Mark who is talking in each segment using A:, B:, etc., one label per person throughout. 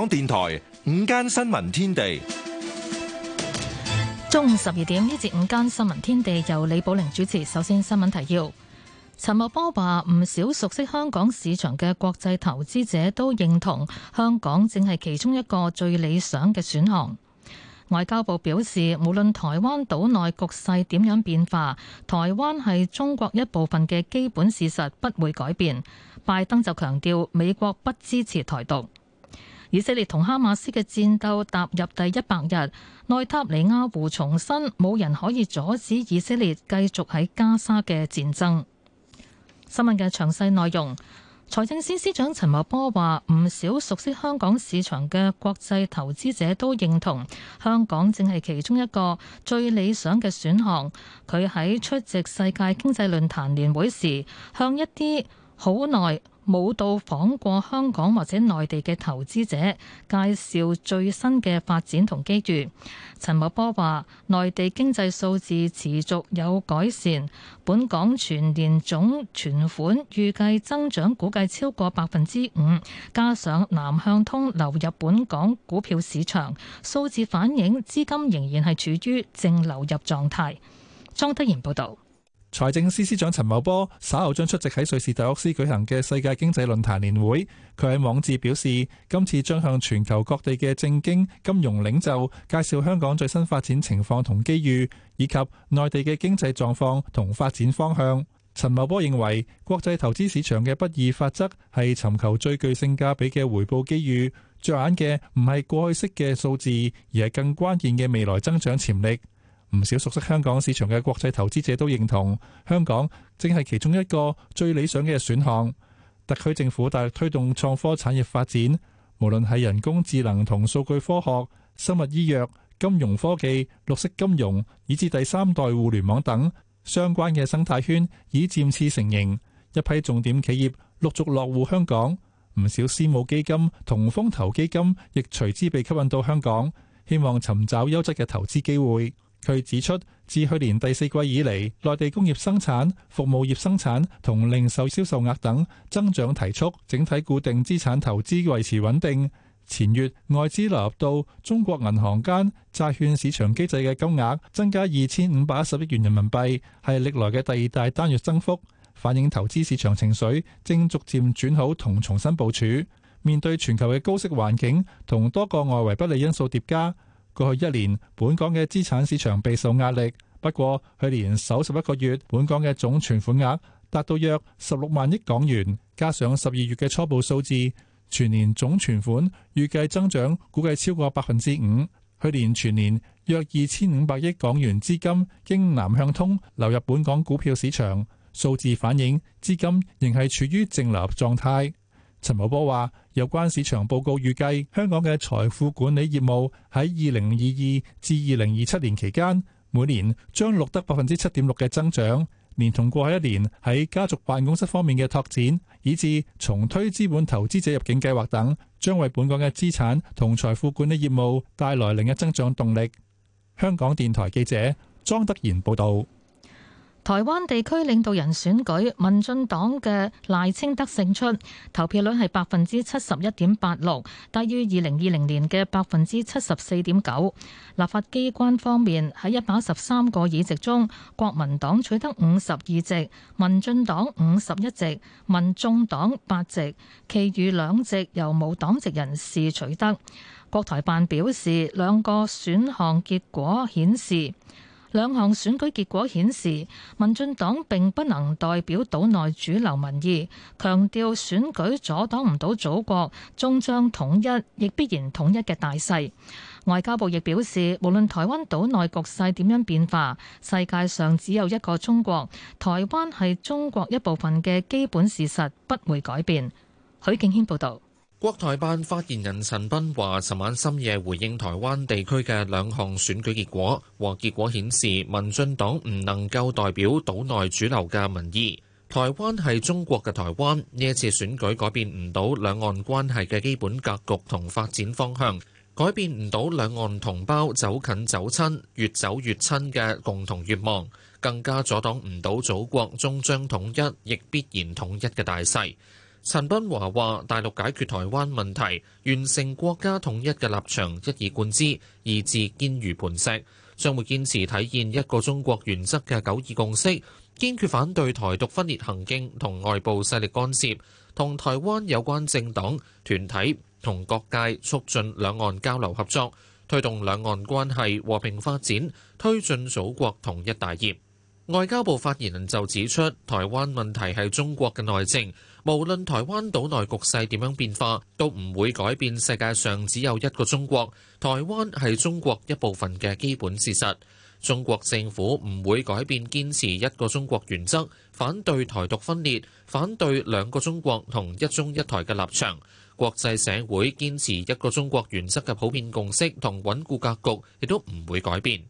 A: 香港電台午間新聞天地，
B: 中午十二點，這一節午間新聞天地由李寶玲主持。首先，新聞提要：陳茂波話，唔少熟悉香港市場嘅國際投資者都認同，香港正係其中一個最理想嘅選項。外交部表示，無論台灣島內局勢點樣變化，台灣係中國一部分嘅基本事實不會改變。拜登就強調，美國不支持台獨。以色列同哈馬斯嘅戰鬥踏入第一百日，內塔尼亞胡重申冇人可以阻止以色列繼續喺加沙嘅戰爭。新聞嘅詳細內容，財政司司長陳茂波話，唔少熟悉香港市場嘅國際投資者都認同香港正係其中一個最理想嘅選項。佢喺出席世界經濟論壇年會時，向一啲好耐。冇到訪過香港或者內地嘅投資者介紹最新嘅發展同機遇。陳茂波話：內地經濟數字持續有改善，本港全年總存款預計增長估計超過百分之五，加上南向通流入本港股票市場，數字反映資金仍然係處於淨流入狀態。莊德
A: 賢報道。財政司司長陳茂波稍後將出席喺瑞士達沃斯舉行嘅世界經濟論壇年會。佢喺網誌表示，今次將向全球各地嘅政經金融領袖介紹香港最新發展情況同機遇，以及內地嘅經濟狀況同發展方向。陳茂波認為，國際投資市場嘅不二法則係尋求最具性價比嘅回報機遇，着眼嘅唔係過去式嘅數字，而係更關鍵嘅未來增長潛力。唔少熟悉香港市場嘅國際投資者都認同，香港正係其中一個最理想嘅選項。特區政府大力推動創科產業發展，無論係人工智能同數據科學、生物醫藥、金融科技、綠色金融，以至第三代互聯網等相關嘅生態圈，已漸次成形。一批重點企業陸續落戶香港，唔少私募基金同風投基金亦隨之被吸引到香港，希望尋找優質嘅投資機會。佢指出，自去年第四季以嚟，內地工業生產、服務業生產同零售銷售額等增長提速，整體固定資產投資維持穩定。前月外資流入到中國銀行間債券市場機制嘅金額增加2,510億元人民幣，係歷來嘅第二大單月增幅，反映投資市場情緒正逐漸轉好同重新部署。面對全球嘅高息環境同多個外圍不利因素疊加。過去一年，本港嘅資產市場備受壓力。不過，去年首十一個月，本港嘅總存款額達到約十六萬億港元，加上十二月嘅初步數字，全年總存款預計增長估計超過百分之五。去年全年約二千五百億港元資金經南向通流入本港股票市場，數字反映資金仍係處於淨流入狀態。陳茂波話：有關市場報告預計，香港嘅財富管理業務喺二零二二至二零二七年期間，每年將錄得百分之七點六嘅增長。連同過去一年喺家族辦公室方面嘅拓展，以至重推資本投資者入境計劃等，將為本港嘅資產同財富管理業務帶來另一增長動力。香港電台記者莊德賢報道。
B: 台灣地區領導人選舉，民進黨嘅賴清德勝出，投票率係百分之七十一點八六，低於二零二零年嘅百分之七十四點九。立法機關方面喺一百一十三個議席中，國民黨取得五十二席，民進黨五十一席，民眾黨八席，其餘兩席由冇黨籍人士取得。國台辦表示，兩個選項結果顯示。兩項選舉結果顯示，民進黨並不能代表島內主流民意。強調選舉阻擋唔到祖國終將統一，亦必然統一嘅大勢。外交部亦表示，無論台灣島內局勢點樣變化，世界上只有一個中國，台灣係中國一部分嘅基本事實不會改變。許敬軒報道。
C: 國台辦發言人陳斌華尋晚深夜回應台灣地區嘅兩項選舉結果，和結果顯示民進黨唔能夠代表島內主流嘅民意。台灣係中國嘅台灣，呢一次選舉改變唔到兩岸關係嘅基本格局同發展方向，改變唔到兩岸同胞走近走親，越走越親嘅共同願望，更加阻擋唔到祖國終將統一，亦必然統一嘅大勢。陳斌華話：大陸解決台灣問題、完成國家統一嘅立場一以貫之，意志堅如磐石，將會堅持體現一個中國原則嘅九二共識，堅決反對台獨分裂行徑同外部勢力干涉，同台灣有關政黨、團體同各界促進兩岸交流合作，推動兩岸關係和平發展，推進祖國統一大業。外交部發言人就指出，台灣問題係中國嘅內政，無論台灣島內局勢點樣變化，都唔會改變世界上只有一個中國，台灣係中國一部分嘅基本事實。中國政府唔會改變堅持一個中國原則，反對台獨分裂，反對兩個中國同一中一台嘅立場。國際社會堅持一個中國原則嘅普遍共識同穩固格局，亦都唔會改變。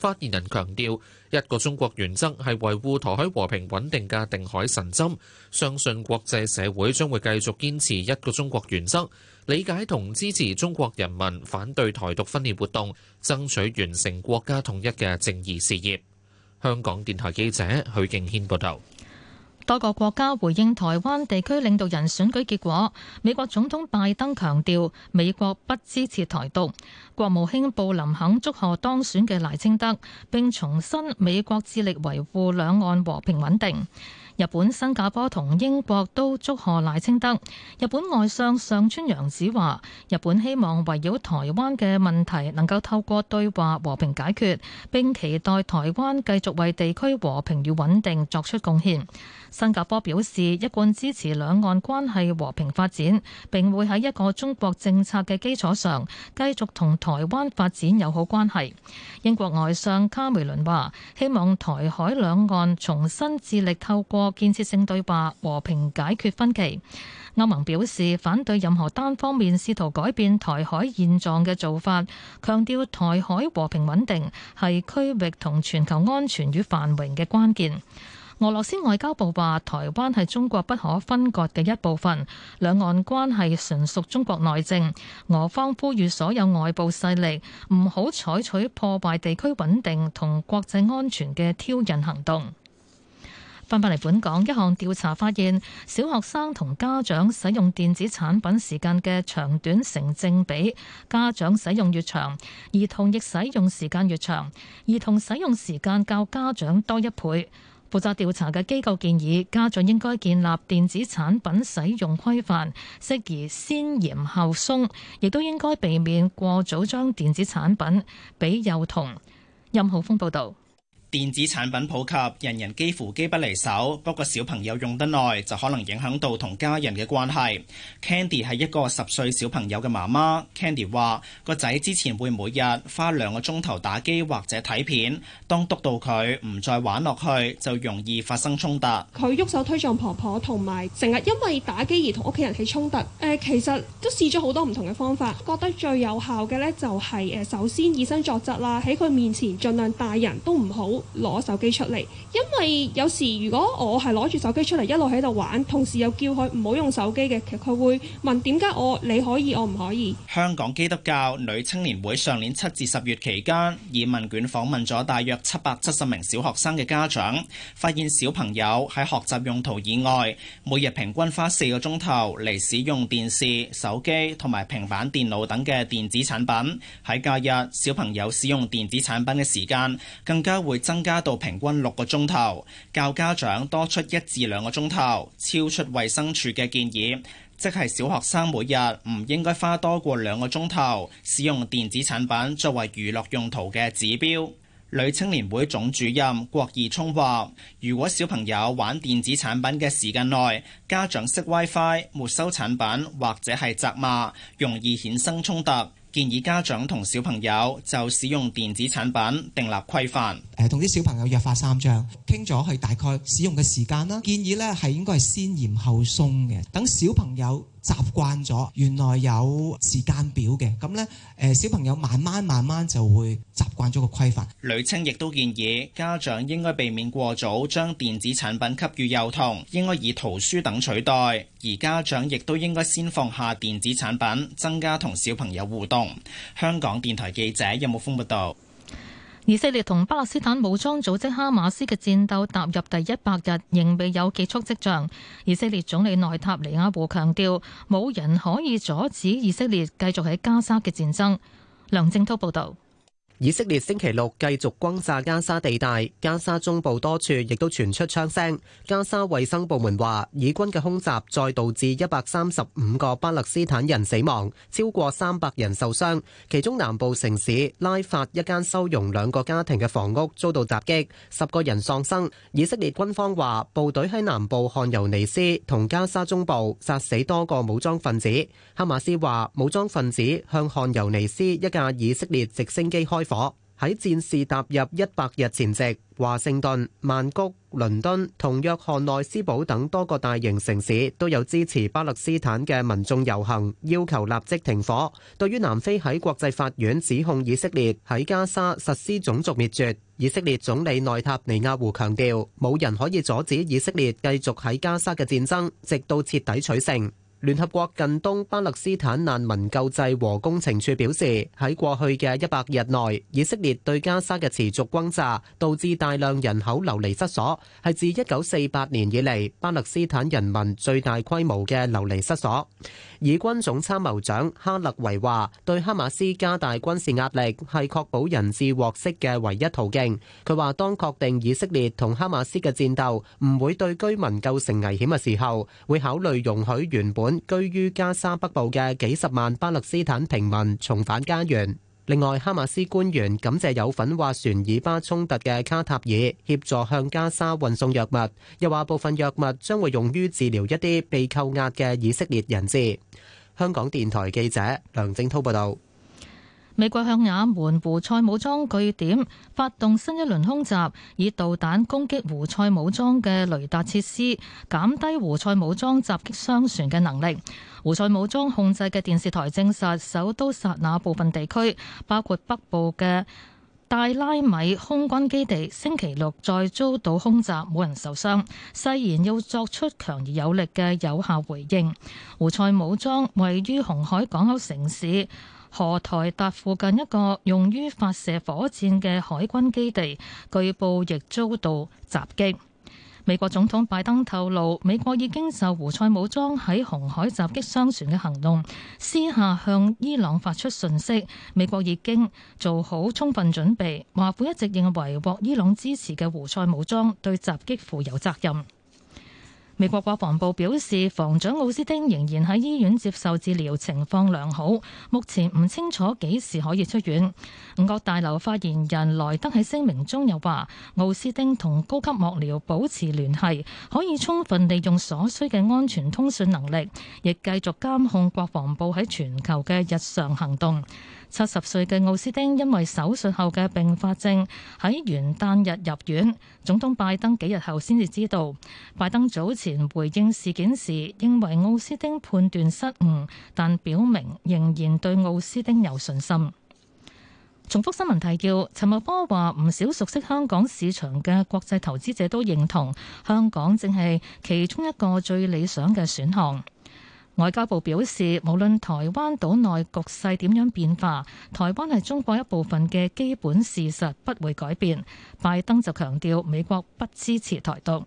C: 發言人強調，一個中國原則係維護台海和平穩定嘅定海神針，相信國際社會將會繼續堅持一個中國原則，理解同支持中國人民反對台獨分裂活動，爭取完成國家統一嘅正義事業。香港電台記者許敬軒報道。
B: 多個國家回應台灣地區領導人選舉結果，美國總統拜登強調美國不支持台獨，國務卿布林肯祝賀當選嘅賴清德，並重申美國致力維護兩岸和平穩定。日本、新加坡同英國都祝賀賴清德。日本外相上川陽子話，日本希望圍繞台灣嘅問題能夠透過對話和平解決，並期待台灣繼續為地區和平與穩定作出貢獻。新加坡表示一貫支持兩岸關係和平發展，並會喺一個中國政策嘅基礎上，繼續同台灣發展友好關係。英國外相卡梅倫話，希望台海兩岸重新致力透過建設性對話，和平解決分歧。歐盟表示，反對任何單方面試圖改變台海現狀嘅做法，強調台海和平穩定係區域同全球安全與繁榮嘅關鍵。俄羅斯外交部話，台灣係中國不可分割嘅一部分，兩岸關係純屬中國內政。俄方呼籲所有外部勢力唔好採取破壞地區穩定同國際安全嘅挑釁行動。翻返嚟本港，一項調查發現，小學生同家長使用電子產品時間嘅長短成正比，家長使用越長，兒童亦使用時間越長，兒童使用時間較家長多一倍。負責調查嘅機構建議，家長應該建立電子產品使用規範，適宜先嚴後鬆，亦都應該避免過早將電子產品俾幼童。任浩峰報導。
D: 電子產品普及，人人幾乎機不離手。不過小朋友用得耐，就可能影響到同家人嘅關係。Candy 係一個十歲小朋友嘅媽媽。Candy 話，個仔之前會每日花兩個鐘頭打機或者睇片，當督到佢唔再玩落去，就容易發生衝突。
B: 佢喐手推撞婆婆，同埋成日因為打機而同屋企人起衝突。誒、呃，其實都試咗好多唔同嘅方法，覺得最有效嘅呢就係誒，首先以身作則啦，喺佢面前盡量大人都唔好。攞手機出嚟，因為有時如果我係攞住手機出嚟一路喺度玩，同時又叫佢唔好用手機嘅，其實佢會問點解我你可以我唔可以？
D: 香港基督教女青年會上年七至十月期間，以問卷訪問咗大約七百七十名小學生嘅家長，發現小朋友喺學習用途以外，每日平均花四個鐘頭嚟使用電視、手機同埋平板電腦等嘅電子產品。喺假日，小朋友使用電子產品嘅時間更加會，增加到平均六個鐘頭，教家長多出一至兩個鐘頭，超出衛生署嘅建議，即係小學生每日唔應該花多過兩個鐘頭使用電子產品作為娛樂用途嘅指標。女青年會總主任郭義聰話，如果小朋友玩電子產品嘅時間內，家長熄 WiFi、沒收產品或者係責罵，容易衍生衝突。建議家長同小朋友就使用電子產品訂立規範。
C: 誒、呃，同啲小朋友約法三章，傾咗係大概使用嘅時間啦。建議咧係應該係先嚴後鬆嘅，等小朋友，習慣咗，原來有時間表嘅，咁呢，誒小朋友慢慢慢慢就會習慣咗個規範。
D: 呂清亦都建議家長應該避免過早將電子產品給予幼童，應該以圖書等取代，而家長亦都應該先放下電子產品，增加同小朋友互動。香港電台記者任木峰報道。
B: 以色列同巴勒斯坦武裝組織哈馬斯嘅戰鬥踏入第一百日，仍未有結束跡象。以色列總理內塔尼亞胡強調，冇人可以阻止以色列繼續喺加沙嘅戰爭。梁正
E: 濤報道。以色列星期六繼續轟炸加沙地帶，加沙中部多處亦都傳出槍聲。加沙衛生部門話，以軍嘅空襲再導致一百三十五個巴勒斯坦人死亡，超過三百人受傷。其中南部城市拉法一間收容兩個家庭嘅房屋遭到襲擊，十個人喪生。以色列軍方話，部隊喺南部漢尤尼斯同加沙中部殺死多個武裝分子。哈馬斯話，武裝分子向漢尤尼斯一架以色列直升機開火。喺戰事踏入一百日前夕，華盛頓、曼谷、倫敦同約翰內斯堡等多個大型城市都有支持巴勒斯坦嘅民眾遊行，要求立即停火。對於南非喺國際法院指控以色列喺加沙實施種族滅絕，以色列總理內塔尼亞胡強調，冇人可以阻止以色列繼續喺加沙嘅戰爭，直到徹底取勝。聯合國近東巴勒斯坦難民救濟和工程處表示，喺過去嘅一百日內，以色列對加沙嘅持續轟炸導致大量人口流離失所，係自1948年以嚟巴勒斯坦人民最大規模嘅流離失所。以軍總參謀長哈勒維話，對哈馬斯加大軍事壓力係確保人質獲釋嘅唯一途徑。佢話，當確定以色列同哈馬斯嘅戰鬥唔會對居民構成危險嘅時候，會考慮容許原本居於加沙北部嘅幾十萬巴勒斯坦平民重返家園。另外，哈馬斯官員感謝有份斡旋以巴衝突嘅卡塔爾協助向加沙運送藥物，又話部分藥物將會用於治療一啲被扣押嘅以色列人質。香港電台記者梁正滔報道。
B: 美國向也門胡塞武裝據點發動新一輪空襲，以導彈攻擊胡塞武裝嘅雷達設施，減低胡塞武裝襲擊商船嘅能力。胡塞武裝控制嘅電視台證實首都薩那部分地區，包括北部嘅戴拉米空軍基地，星期六再遭到空襲，冇人受傷。誓言要作出強而有力嘅有效回應。胡塞武裝位於紅海港口城市，荷台達附近一個用於發射火箭嘅海軍基地據報亦遭到襲擊。美國總統拜登透露，美國已經受胡塞武裝喺紅海襲擊商船嘅行動，私下向伊朗發出訊息。美國已經做好充分準備。華府一直認為獲伊朗支持嘅胡塞武裝對襲擊負有責任。美國國防部表示，防長奧斯汀仍然喺醫院接受治療，情況良好。目前唔清楚幾時可以出院。五角大樓發言人萊德喺聲明中又話，奧斯汀同高級幕僚保持聯繫，可以充分利用所需嘅安全通訊能力，亦繼續監控國防部喺全球嘅日常行動。七十歲嘅奧斯丁因為手術後嘅併發症喺元旦日入院，總統拜登幾日後先至知道。拜登早前回應事件時，認為奧斯丁判斷失誤，但表明仍然對奧斯丁有信心。重複新聞提要，陳茂波話，唔少熟悉香港市場嘅國際投資者都認同，香港正係其中一個最理想嘅選項。外交部表示，無論台灣島內局勢點樣變化，台灣係中國一部分嘅基本事實不會改變。拜登就強調美國不支持台獨。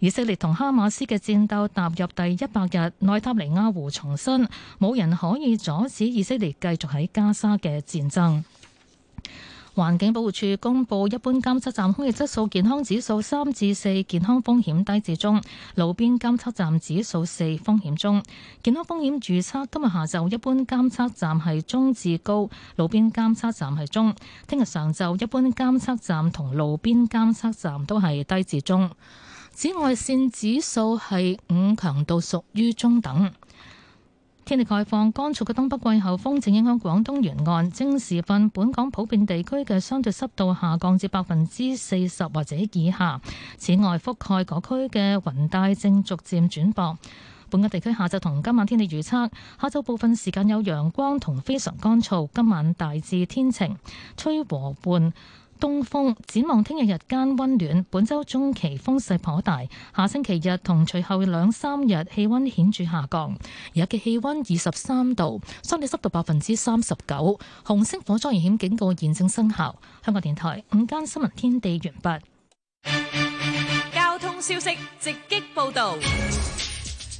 B: 以色列同哈馬斯嘅戰鬥踏入第一百日，內塔尼亞胡重申，冇人可以阻止以色列繼續喺加沙嘅戰爭。環境保護署公布一般監測站空氣質素健康指數三至四，健康風險低至中；路邊監測站指數四，風險中。健康風險預測今日下晝一般監測站係中至高，路邊監測站係中。聽日上晝一般監測站同路邊監測站都係低至中。紫外線指數係五，強度屬於中等。天氣概況，乾燥嘅東北季候風正影響廣東沿岸，正時分本港普遍地區嘅相對濕度下降至百分之四十或者以下。此外，覆蓋嗰區嘅雲帶正逐漸轉薄。本個地區下晝同今晚天氣預測：下晝部分時間有陽光同非常乾燥，今晚大致天晴，吹和緩。東風展望，聽日日間溫暖。本周中期風勢頗大，下星期日同隨後兩三日氣溫顯著下降。而家嘅氣溫二十三度，相對濕度百分之三十九。紅色火災危險警告現正生效。香港電台午間新聞天地完畢。交通消息直擊報道。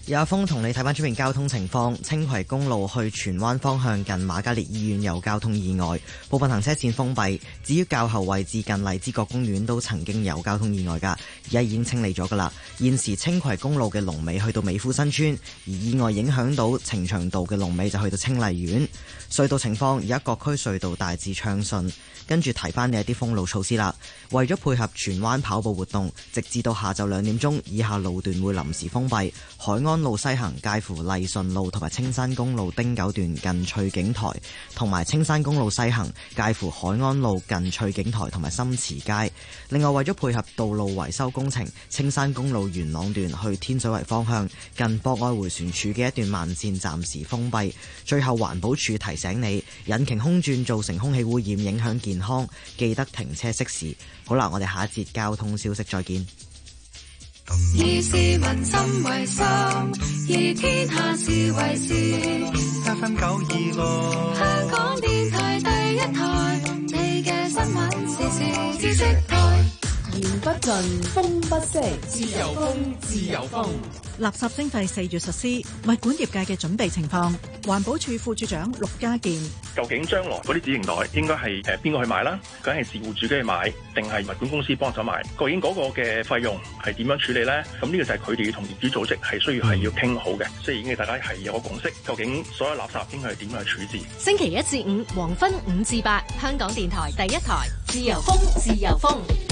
F: 有阿峰同你睇翻出面交通情況，青葵公路去荃灣方向近瑪嘉烈醫院有交通意外，部分行車線封閉。至於較後位置近荔枝角公園都曾經有交通意外噶，而家已經清理咗噶啦。現時青葵公路嘅龍尾去到美孚新村，而意外影響到呈祥道嘅龍尾就去到青麗苑隧道情況，而家各區隧道大致暢順，跟住提翻你一啲封路措施啦。為咗配合荃灣跑步活動，直至到下晝兩點鐘以下路段會臨時封閉，海岸安路西行介乎麗順路同埋青山公路汀九段近翠景台，同埋青山公路西行介乎海安路近翠景台同埋深池街。另外，為咗配合道路維修工程，青山公路元朗段去天水圍方向近博愛回旋處嘅一段慢綫暫時封閉。最後，環保署提醒你，引擎空轉造成空氣污染，影響健康，記得停車熄匙。好啦，我哋下一節交通消息再見。
E: 以市民心為心，以天下事為事。得分九二六，香港電台第一
F: 台，你嘅新聞時事知識。源不盡，風不息，自由風，自由風。垃圾徵費四月實施，物管業界嘅準備情況。環保署副署長陸家健，
A: 究竟將來嗰啲指定袋應該係誒邊個去買啦？梗係住戶自己買，定係物管公司幫手買？究竟嗰個嘅費用係點樣處理咧？咁、這、呢個就係佢哋要同業主組織係需要係要傾好嘅，所以已經大家係有個共識。究竟所有垃圾應該係點樣去處置？
B: 星期一至五黃昏五至八，香港電台第一台，自由風，自由風。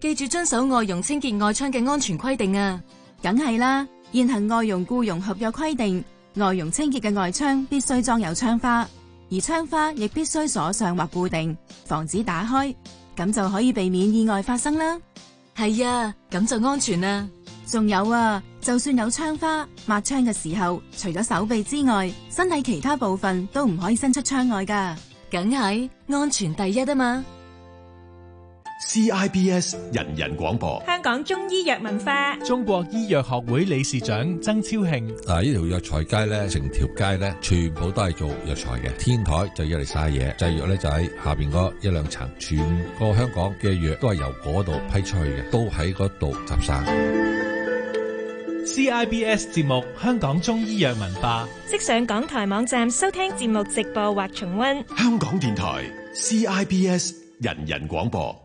B: 記住遵守外傭清潔外窗嘅安全規定啊，梗係啦。現行外傭僱傭合
F: 約規定，外傭清潔嘅外窗必須裝有窗花，而窗花亦必須鎖上或固定，防止打開，咁就可以避免意外發生啦。係啊，咁就安全啦。仲有啊，就算有窗花，抹窗嘅時候，除咗手臂之外，身體其他部分都唔可以伸出窗外㗎，梗係安全第一啊嘛。CIBS 人人廣播，香港中醫藥文化，中國醫
A: 藥學會理事長曾超慶。嗱，呢條藥材街咧，成條街咧，全部都係做藥材嘅。天台就入嚟晒嘢，製藥咧就喺下邊嗰一兩層。全個香港嘅藥都係由嗰度批出去嘅，都喺嗰度集散。CIBS 節目，香
D: 港中醫藥文化，
F: 即上港台網站收聽節目直播或重溫。香
D: 港電台 CIBS 人人廣播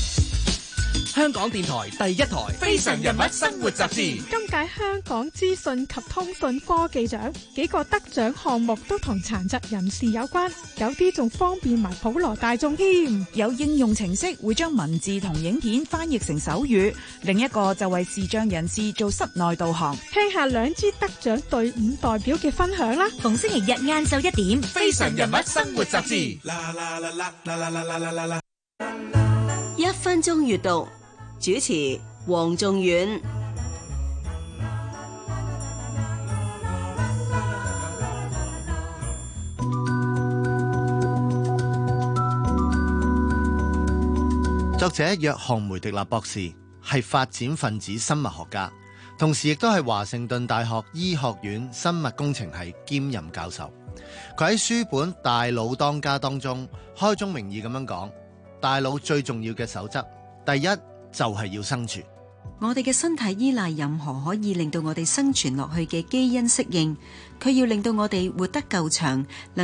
F: 香港電台第一台《非常人物生活雜誌》，今屆香港資訊及通訊科技獎幾個得獎項目都同殘疾人士有關，有啲仲方便埋普羅大眾添。有應用程式會將文字同影片翻譯成手語，另一個就為視障人士做室內導航。聽下兩支得獎隊伍代表嘅分享啦！逢星期日晏晝一點，《非常人物生活雜誌》啦啦啦啦啦啦啦啦啦啦，
B: 一分鐘閱讀。主持黃仲遠 ，
D: 作者約翰梅迪納博士係發展分子生物學家，同時亦都係華盛頓大學醫學院生物工程系兼任教授。佢喺書本《大腦當家》當中開宗明義咁樣講：大腦最重要嘅守則，第一，就係要生存。
F: 我哋嘅身體依賴任何可以令到我哋生存落去嘅基因適應，佢要令到我哋活得夠長。